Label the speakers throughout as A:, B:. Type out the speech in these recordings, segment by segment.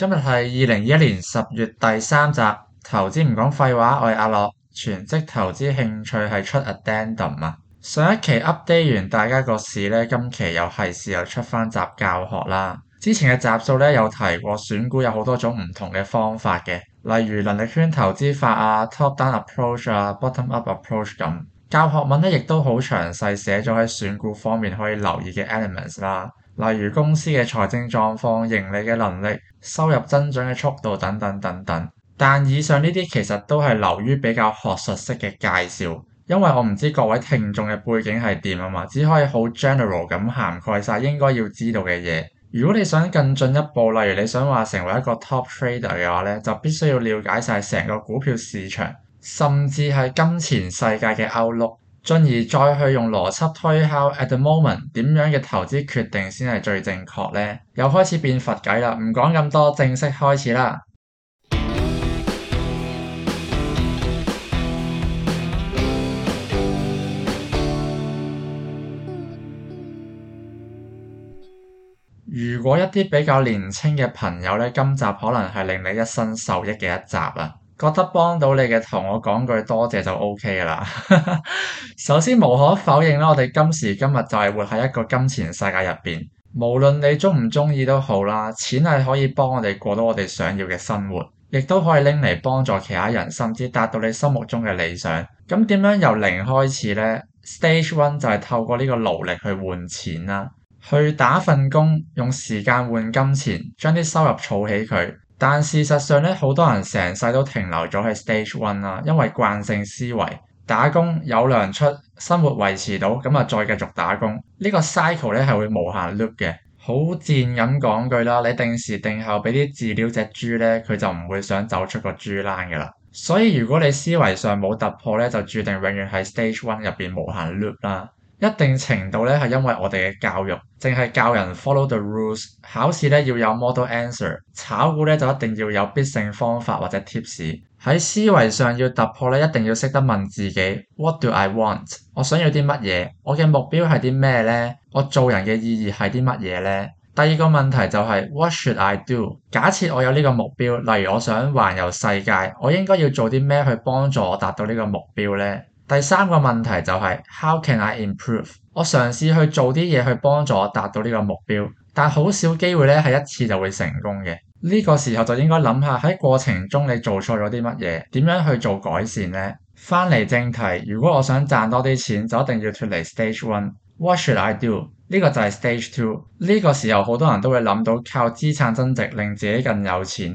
A: 今日係二零二一年十月第三集，投資唔講廢話，我係阿樂，全職投資興趣係出 Addendum 啊！上一期 update 完，大家個市咧，今期又係時候出翻集教學啦。之前嘅集數咧有提過，選股有好多種唔同嘅方法嘅，例如能力圈投資法啊、Top Down Approach 啊、Bottom Up Approach 咁。教學文咧亦都好詳細寫咗喺選股方面可以留意嘅 elements 啦。例如公司嘅財政狀況、盈利嘅能力、收入增長嘅速度等等等等。但以上呢啲其實都係流於比較學術式嘅介紹，因為我唔知各位聽眾嘅背景係點啊嘛，只可以好 general 咁涵蓋晒應該要知道嘅嘢。如果你想更進一步，例如你想話成為一個 top trader 嘅話咧，就必須要了解晒成個股票市場，甚至係金錢世界嘅 outlook。進而再去用邏輯推敲，At the moment 點樣嘅投資決定先係最正確呢？又開始變佛偈啦，唔講咁多，正式開始啦。如果一啲比較年輕嘅朋友呢，今集可能係令你一生受益嘅一集啊！覺得幫到你嘅，同我講句多謝就 OK 啦。 首先無可否認啦，我哋今時今日就係活喺一個金錢世界入邊，無論你中唔中意都好啦，錢係可以幫我哋過到我哋想要嘅生活，亦都可以拎嚟幫助其他人，甚至達到你心目中嘅理想。咁點樣由零開始呢？Stage one 就係透過呢個勞力去換錢啦，去打份工，用時間換金錢，將啲收入儲起佢。但事實上咧，好多人成世都停留咗喺 stage one 啦，因為慣性思維，打工有糧出，生活維持到咁啊，再繼續打工。呢個 cycle 咧係會無限 loop 嘅。好賤咁講句啦，你定時定候俾啲飼料隻豬咧，佢就唔會想走出個豬欄噶啦。所以如果你思維上冇突破咧，就注定永遠喺 stage one 入邊無限 loop 啦。一定程度咧係因為我哋嘅教育，淨係教人 follow the rules。考試咧要有 model answer，炒股咧就一定要有必勝方法或者 tips。喺思維上要突破咧，一定要識得問自己：What do I want？我想要啲乜嘢？我嘅目標係啲咩呢？我做人嘅意義係啲乜嘢呢？第二個問題就係：What should I do？假設我有呢個目標，例如我想環遊世界，我應該要做啲咩去幫助我達到呢個目標呢？第三個問題就係 How can I improve？我嘗試去做啲嘢去幫助我達到呢個目標，但好少機會咧係一次就會成功嘅。呢個時候就應該諗下喺過程中你做錯咗啲乜嘢，點樣去做改善呢？翻嚟正題，如果我想賺多啲錢，就一定要脱離 Stage One。What should I do？呢個就係 Stage Two。呢個時候好多人都會諗到靠資產增值令自己更有錢。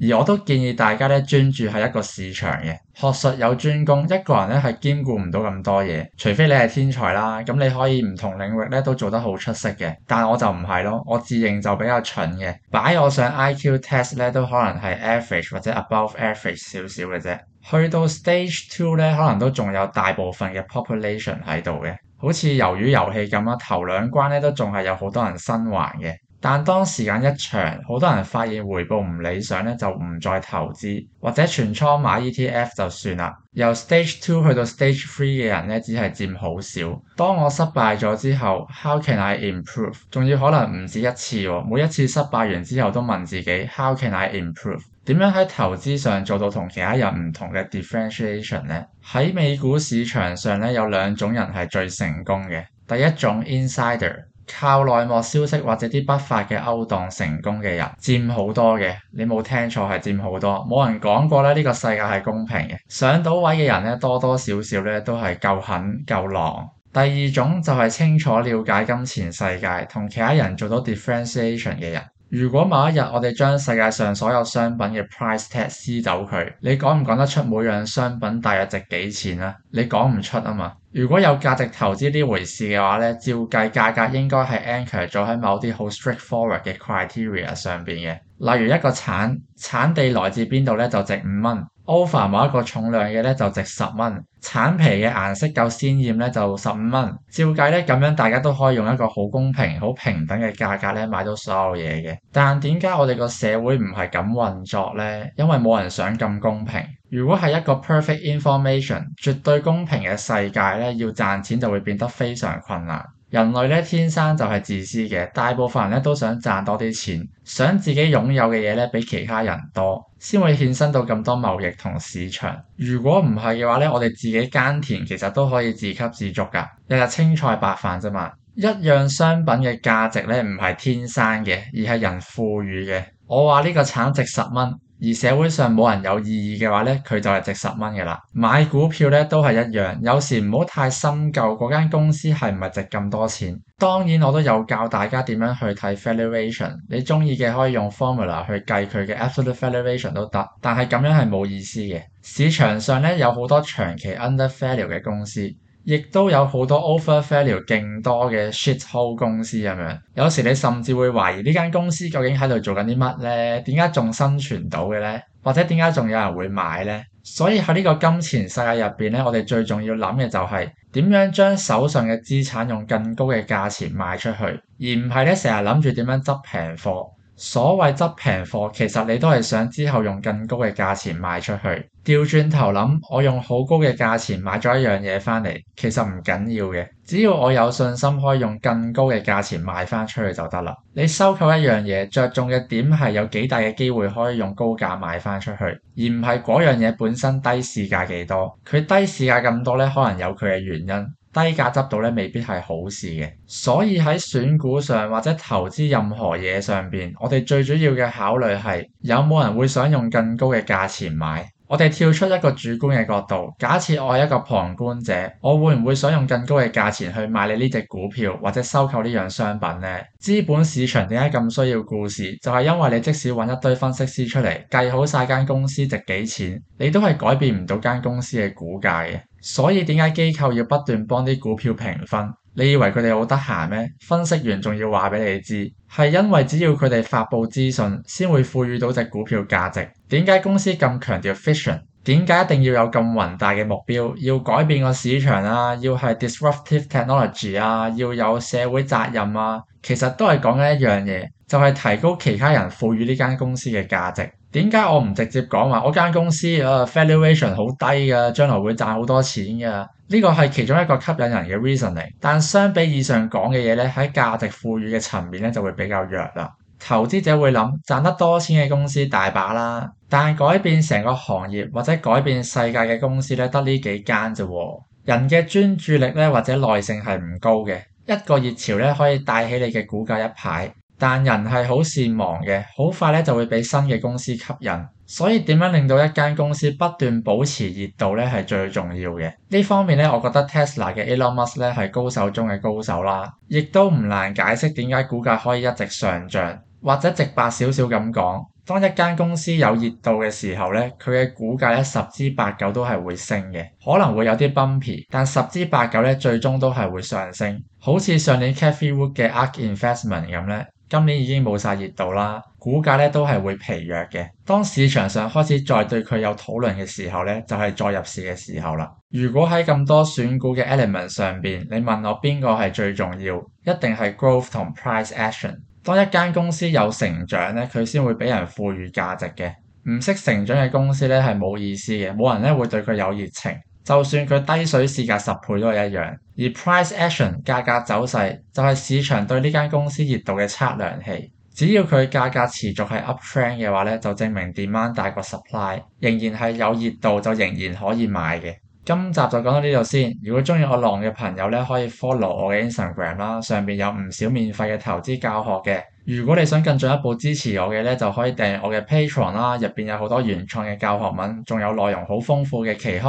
A: 而我都建議大家咧，專注喺一個市場，嘅學術有專攻，一個人咧，係兼顧唔到咁多嘢，除非你係天才啦，咁你可以唔同領域咧都做得好出色嘅。但我就唔係咯，我自認就比較蠢嘅，擺我上 IQ test 咧都可能係 average 或者 above average 少少嘅啫。去到 stage two 咧，可能都仲有大部分嘅 population 喺度嘅，好似魷魚遊戲咁啊，頭兩關咧都仲係有好多人生還嘅。但當時間一長，好多人發現回報唔理想咧，就唔再投資，或者全倉買 ETF 就算啦。由 Stage Two 去到 Stage Three 嘅人咧，只係佔好少。當我失敗咗之後，How can I improve？仲要可能唔止一次喎、哦，每一次失敗完之後都問自己 How can I improve？點樣喺投資上做到同其他人唔同嘅 differentiation 呢？喺美股市場上咧，有兩種人係最成功嘅，第一種 insider。靠內幕消息或者啲不法嘅勾當成功嘅人，佔好多嘅。你冇聽錯，係佔好多。冇人講過咧，呢個世界係公平嘅。上到位嘅人咧，多多少少咧都係夠狠夠狼。第二種就係清楚了解金錢世界，同其他人做到 differentiation 嘅人。如果某一日我哋將世界上所有商品嘅 price tag 撕走佢，你講唔講得出每樣商品大約值幾錢啊？你講唔出啊嘛。如果有價值投資呢回事嘅話咧，照計價格應該係 anchor 咗喺某啲好 straightforward 嘅 criteria 上邊嘅，例如一個產產地來自邊度咧就值五蚊。Over 某一個重量嘅咧就值十蚊，橙皮嘅顏色夠鮮豔咧就十五蚊。照計咧咁樣，大家都可以用一個好公平、好平等嘅價格咧買到所有嘢嘅。但點解我哋個社會唔係咁運作咧？因為冇人想咁公平。如果係一個 perfect information、絕對公平嘅世界咧，要賺錢就會變得非常困難。人類咧天生就係自私嘅，大部分人咧都想賺多啲錢，想自己擁有嘅嘢咧比其他人多，先會衍生到咁多貿易同市場。如果唔係嘅話咧，我哋自己耕田其實都可以自給自足㗎，日日青菜白飯啫嘛。一樣商品嘅價值咧唔係天生嘅，而係人賦予嘅。我話呢個橙值十蚊。而社會上冇人有異議嘅話呢，佢就係值十蚊嘅啦。買股票呢都係一樣，有時唔好太深究嗰間公司係唔係值咁多錢。當然我都有教大家點樣去睇 valuation，你中意嘅可以用 formula 去計佢嘅 absolute valuation 都得，但係咁樣係冇意思嘅。市場上呢有好多長期 undervaluation 嘅公司。亦都有好多 overvalued、勁多嘅 shit hole 公司咁樣，有時你甚至會懷疑呢間公司究竟喺度做緊啲乜呢？點解仲生存到嘅呢？或者點解仲有人會買呢？所以喺呢個金錢世界入邊呢，我哋最重要諗嘅就係、是、點樣將手上嘅資產用更高嘅價錢賣出去，而唔係咧成日諗住點樣執平貨。所謂執平貨，其實你都係想之後用更高嘅價錢賣出去。掉轉頭諗，我用好高嘅價錢買咗一樣嘢翻嚟，其實唔緊要嘅，只要我有信心可以用更高嘅價錢賣翻出去就得啦。你收購一樣嘢，着重嘅點係有幾大嘅機會可以用高價賣翻出去，而唔係嗰樣嘢本身低市價幾多。佢低市價咁多呢，可能有佢嘅原因。低價執到咧，未必係好事嘅。所以喺選股上或者投資任何嘢上邊，我哋最主要嘅考慮，係有冇人會想用更高嘅價錢買。我哋跳出一個主觀嘅角度，假設我係一個旁觀者，我會唔會想用更高嘅價錢去買你呢隻股票，或者收購呢樣商品呢？資本市場點解咁需要故事？就係因為你即使揾一堆分析師出嚟計好晒間公司值幾錢，你都係改變唔到間公司嘅股價嘅。所以點解機構要不斷幫啲股票評分？你以為佢哋好得閒咩？分析完仲要話俾你知，係因為只要佢哋發佈資訊，先會賦予到隻股票價值。點解公司咁強調 vision？點解一定要有咁宏大嘅目標？要改變個市場啊？要係 disruptive technology 啊？要有社會責任啊？其實都係講緊一樣嘢，就係提高其他人賦予呢間公司嘅價值。點解我唔直接講話？我間公司啊，valuation 好低㗎、啊，將來會賺好多錢㗎。呢、呢個係其中一個吸引人嘅 reasoning。但相比以上講嘅嘢咧，喺價值賦予嘅層面咧就會比較弱啦。投資者會諗賺得多錢嘅公司大把啦，但係改變成個行業或者改變世界嘅公司咧得呢幾間啫喎。人嘅專注力咧或者耐性係唔高嘅，一個熱潮咧可以帶起你嘅股價一排。但人係好善忘嘅，好快咧就會俾新嘅公司吸引，所以點樣令到一間公司不斷保持熱度咧係最重要嘅。呢方面咧，我覺得 Tesla 嘅 Elon Musk 咧係高手中嘅高手啦，亦都唔難解釋點解股價可以一直上漲，或者直白少少咁講，當一間公司有熱度嘅時候咧，佢嘅股價咧十之八九都係會升嘅，可能會有啲崩皮，但十之八九咧最終都係會上升，好似上年 Cathy Wood 嘅 Ark Investment 咁咧。今年已經冇晒熱度啦，股價咧都係會疲弱嘅。當市場上開始再對佢有討論嘅時候咧，就係再入市嘅時候啦。如果喺咁多選股嘅 element 上邊，你問我邊個係最重要，一定係 growth 同 price action。當一間公司有成長咧，佢先會俾人賦予價值嘅。唔識成長嘅公司咧係冇意思嘅，冇人咧會對佢有熱情。就算佢低水市價十倍都係一樣，而 price action 價格走勢就係、是、市場對呢間公司熱度嘅測量器。只要佢價格持續係 up trend 嘅話咧，就證明 n 樣大過 supply，仍然係有熱度，就仍然可以買嘅。今集就講到呢度先。如果中意我浪嘅朋友咧，可以 follow 我嘅 Instagram 啦，上邊有唔少免費嘅投資教學嘅。如果你想更進一步支持我嘅咧，就可以訂我嘅 p a t r o n 啦，入邊有好多原創嘅教學文，仲有內容好豐富嘅期刊。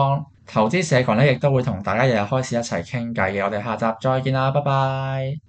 A: 投資社群呢，亦都會同大家日日開始一齊傾偈嘅。我哋下集再見啦，拜拜。